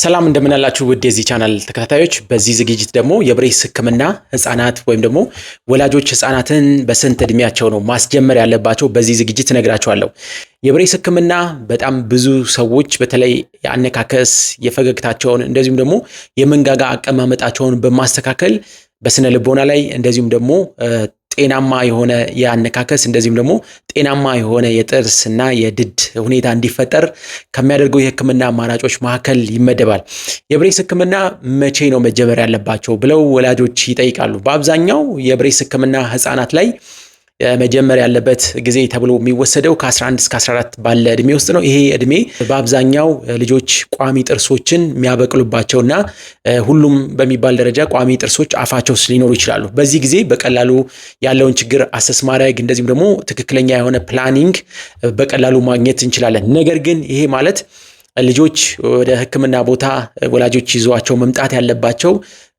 ሰላም እንደምናላችሁ ውድ የዚህ ቻናል ተከታታዮች፣ በዚህ ዝግጅት ደግሞ የብሬስ ህክምና ህጻናት ወይም ደግሞ ወላጆች ህጻናትን በስንት እድሜያቸው ነው ማስጀመር ያለባቸው በዚህ ዝግጅት እነግራችኋለሁ። የብሬስ ህክምና በጣም ብዙ ሰዎች በተለይ የአነካከስ የፈገግታቸውን እንደዚሁም ደግሞ የመንጋጋ አቀማመጣቸውን በማስተካከል በስነ ልቦና ላይ እንደዚሁም ደግሞ ጤናማ የሆነ የአነካከስ እንደዚሁም ደግሞ ጤናማ የሆነ የጥርስና የድድ ሁኔታ እንዲፈጠር ከሚያደርገው የሕክምና አማራጮች መካከል ይመደባል። የብሬስ ሕክምና መቼ ነው መጀመር ያለባቸው ብለው ወላጆች ይጠይቃሉ። በአብዛኛው የብሬስ ሕክምና ህጻናት ላይ መጀመር ያለበት ጊዜ ተብሎ የሚወሰደው ከ11 እስከ 14 ባለ እድሜ ውስጥ ነው። ይሄ እድሜ በአብዛኛው ልጆች ቋሚ ጥርሶችን የሚያበቅሉባቸው እና ሁሉም በሚባል ደረጃ ቋሚ ጥርሶች አፋቸው ውስጥ ሊኖሩ ይችላሉ። በዚህ ጊዜ በቀላሉ ያለውን ችግር አሰስ ማድረግ እንደዚሁም ደግሞ ትክክለኛ የሆነ ፕላኒንግ በቀላሉ ማግኘት እንችላለን። ነገር ግን ይሄ ማለት ልጆች ወደ ሕክምና ቦታ ወላጆች ይዟቸው መምጣት ያለባቸው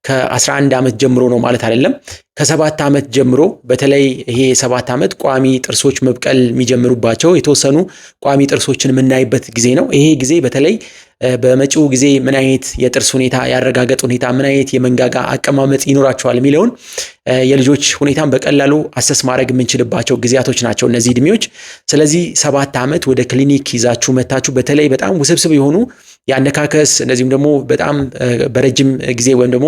ከ11 ዓመት ጀምሮ ነው ማለት አይደለም። ከሰባት ዓመት ጀምሮ በተለይ ይሄ የሰባት ዓመት ቋሚ ጥርሶች መብቀል የሚጀምሩባቸው የተወሰኑ ቋሚ ጥርሶችን የምናይበት ጊዜ ነው። ይሄ ጊዜ በተለይ በመጪው ጊዜ ምን አይነት የጥርስ ሁኔታ ያረጋገጥ ሁኔታ ምን አይነት የመንጋጋ አቀማመጥ ይኖራቸዋል የሚለውን የልጆች ሁኔታን በቀላሉ አሰስ ማድረግ የምንችልባቸው ጊዜያቶች ናቸው እነዚህ እድሜዎች። ስለዚህ ሰባት ዓመት ወደ ክሊኒክ ይዛችሁ መታችሁ በተለይ በጣም ውስብስብ የሆኑ የአነካከስ እንደዚሁም ደግሞ በጣም በረጅም ጊዜ ወይም ደግሞ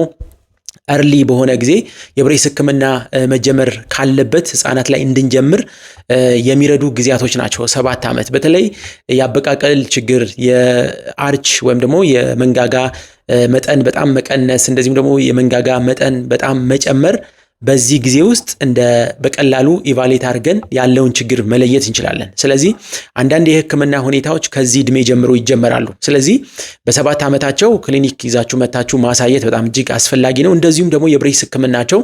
እርሊ በሆነ ጊዜ የብሬስ ህክምና መጀመር ካለበት ህጻናት ላይ እንድንጀምር የሚረዱ ጊዜያቶች ናቸው። ሰባት ዓመት በተለይ የአበቃቀል ችግር የአርች ወይም ደግሞ የመንጋጋ መጠን በጣም መቀነስ እንደዚሁም ደግሞ የመንጋጋ መጠን በጣም መጨመር በዚህ ጊዜ ውስጥ እንደ በቀላሉ ኢቫሌት አድርገን ያለውን ችግር መለየት እንችላለን። ስለዚህ አንዳንድ የህክምና ሁኔታዎች ከዚህ እድሜ ጀምሮ ይጀመራሉ። ስለዚህ በሰባት ዓመታቸው ክሊኒክ ይዛችሁ መታችሁ ማሳየት በጣም እጅግ አስፈላጊ ነው። እንደዚሁም ደግሞ የብሬስ ህክምናቸው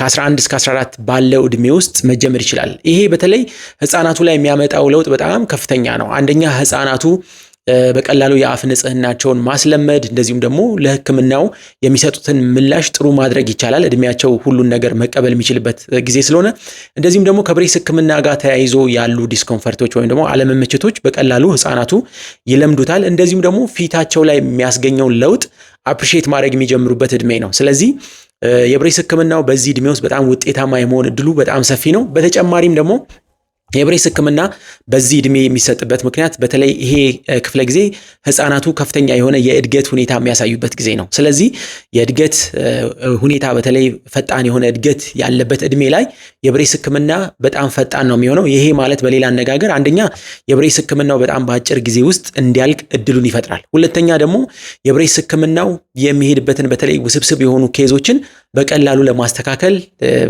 ከ11 እስከ 14 ባለው እድሜ ውስጥ መጀመር ይችላል። ይሄ በተለይ ህፃናቱ ላይ የሚያመጣው ለውጥ በጣም ከፍተኛ ነው። አንደኛ ህፃናቱ በቀላሉ የአፍ ንጽህናቸውን ማስለመድ እንደዚሁም ደግሞ ለሕክምናው የሚሰጡትን ምላሽ ጥሩ ማድረግ ይቻላል። እድሜያቸው ሁሉን ነገር መቀበል የሚችልበት ጊዜ ስለሆነ እንደዚሁም ደግሞ ከብሬስ ሕክምና ጋር ተያይዞ ያሉ ዲስኮንፈርቶች ወይም ደግሞ አለመመቸቶች በቀላሉ ህፃናቱ ይለምዱታል። እንደዚሁም ደግሞ ፊታቸው ላይ የሚያስገኘውን ለውጥ አፕሪሼት ማድረግ የሚጀምሩበት እድሜ ነው። ስለዚህ የብሬስ ህክምናው በዚህ እድሜ ውስጥ በጣም ውጤታማ የመሆን እድሉ በጣም ሰፊ ነው። በተጨማሪም ደግሞ የብሬስ ህክምና በዚህ እድሜ የሚሰጥበት ምክንያት በተለይ ይሄ ክፍለ ጊዜ ህፃናቱ ከፍተኛ የሆነ የእድገት ሁኔታ የሚያሳዩበት ጊዜ ነው። ስለዚህ የእድገት ሁኔታ በተለይ ፈጣን የሆነ እድገት ያለበት እድሜ ላይ የብሬስ ህክምና በጣም ፈጣን ነው የሚሆነው። ይሄ ማለት በሌላ አነጋገር አንደኛ የብሬስ ህክምናው በጣም በአጭር ጊዜ ውስጥ እንዲያልቅ እድሉን ይፈጥራል። ሁለተኛ ደግሞ የብሬስ ህክምናው የሚሄድበትን በተለይ ውስብስብ የሆኑ ኬዞችን በቀላሉ ለማስተካከል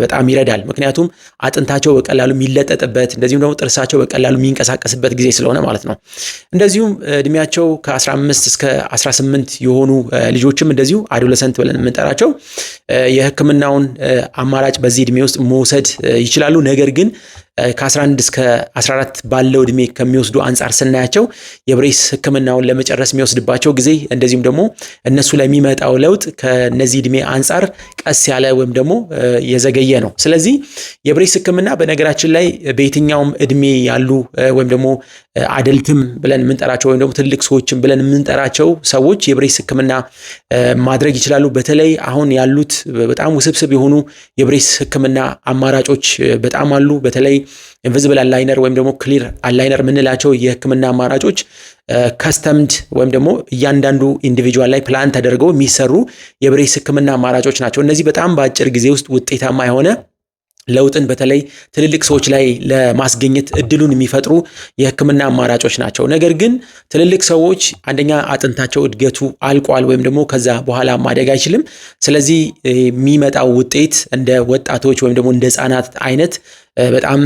በጣም ይረዳል። ምክንያቱም አጥንታቸው በቀላሉ የሚለጠጥበት እንደዚሁም ደግሞ ጥርሳቸው በቀላሉ የሚንቀሳቀስበት ጊዜ ስለሆነ ማለት ነው። እንደዚሁም እድሜያቸው ከ15 እስከ 18 የሆኑ ልጆችም እንደዚሁ አዶለሰንት ብለን የምንጠራቸው የሕክምናውን አማራጭ በዚህ እድሜ ውስጥ መውሰድ ይችላሉ። ነገር ግን ከ11 እስከ 14 ባለው እድሜ ከሚወስዱ አንጻር ስናያቸው የብሬስ ሕክምናውን ለመጨረስ የሚወስድባቸው ጊዜ እንደዚሁም ደግሞ እነሱ ላይ የሚመጣው ለውጥ ከነዚህ እድሜ አንጻር ቀስ ያለ ወይም ደግሞ የዘገየ ነው። ስለዚህ የብሬስ ሕክምና በነገራችን ላይ በየትኛውም እድሜ ያሉ ወይም ደግሞ አደልትም ብለን የምንጠራቸው ወይም ደግሞ ትልቅ ሰዎችም ብለን የምንጠራቸው ሰዎች የብሬስ ሕክምና ማድረግ ይችላሉ። በተለይ አሁን ያሉት በጣም ውስብስብ የሆኑ የብሬስ ሕክምና አማራጮች በጣም አሉ። በተለይ ኢንቪዚብል አላይነር ወይም ደግሞ ክሊር አላይነር የምንላቸው የህክምና አማራጮች ከስተምድ ወይም ደግሞ እያንዳንዱ ኢንዲቪጁዋል ላይ ፕላን ተደርገው የሚሰሩ የብሬስ ህክምና አማራጮች ናቸው። እነዚህ በጣም በአጭር ጊዜ ውስጥ ውጤታማ የሆነ ለውጥን በተለይ ትልልቅ ሰዎች ላይ ለማስገኘት እድሉን የሚፈጥሩ የህክምና አማራጮች ናቸው። ነገር ግን ትልልቅ ሰዎች አንደኛ አጥንታቸው እድገቱ አልቋል ወይም ደግሞ ከዛ በኋላ ማደግ አይችልም። ስለዚህ የሚመጣው ውጤት እንደ ወጣቶች ወይም ደግሞ እንደ ህጻናት አይነት በጣም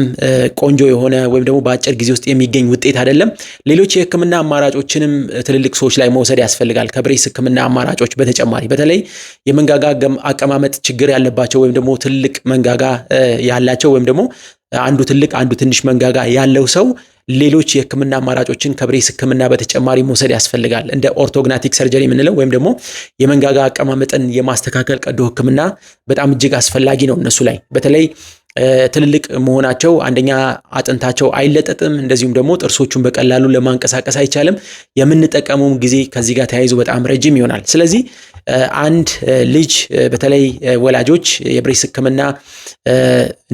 ቆንጆ የሆነ ወይም ደግሞ በአጭር ጊዜ ውስጥ የሚገኝ ውጤት አይደለም። ሌሎች የህክምና አማራጮችንም ትልልቅ ሰዎች ላይ መውሰድ ያስፈልጋል። ከብሬስ ህክምና አማራጮች በተጨማሪ በተለይ የመንጋጋ አቀማመጥ ችግር ያለባቸው ወይም ደግሞ ትልቅ መንጋጋ ያላቸው ወይም ደግሞ አንዱ ትልቅ አንዱ ትንሽ መንጋጋ ያለው ሰው ሌሎች የህክምና አማራጮችን ከብሬስ ህክምና በተጨማሪ መውሰድ ያስፈልጋል። እንደ ኦርቶግናቲክ ሰርጀሪ የምንለው ወይም ደግሞ የመንጋጋ አቀማመጥን የማስተካከል ቀዶ ህክምና በጣም እጅግ አስፈላጊ ነው እነሱ ላይ በተለይ ትልልቅ መሆናቸው አንደኛ አጥንታቸው አይለጠጥም፣ እንደዚሁም ደግሞ ጥርሶቹን በቀላሉ ለማንቀሳቀስ አይቻልም። የምንጠቀመውም ጊዜ ከዚህ ጋር ተያይዞ በጣም ረጅም ይሆናል። ስለዚህ አንድ ልጅ በተለይ ወላጆች የብሬስ ሕክምና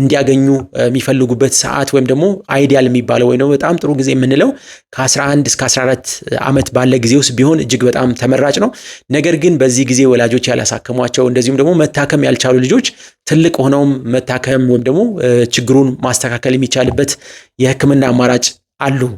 እንዲያገኙ የሚፈልጉበት ሰዓት ወይም ደግሞ አይዲያል የሚባለው ወይ ደግሞ በጣም ጥሩ ጊዜ የምንለው ከ11 እስከ 14 ዓመት ባለ ጊዜ ውስጥ ቢሆን እጅግ በጣም ተመራጭ ነው። ነገር ግን በዚህ ጊዜ ወላጆች ያላሳከሟቸው እንደዚሁም ደግሞ መታከም ያልቻሉ ልጆች ትልቅ ሆነውም መታከም ወይም ደግሞ ችግሩን ማስተካከል የሚቻልበት የሕክምና አማራጭ አሉ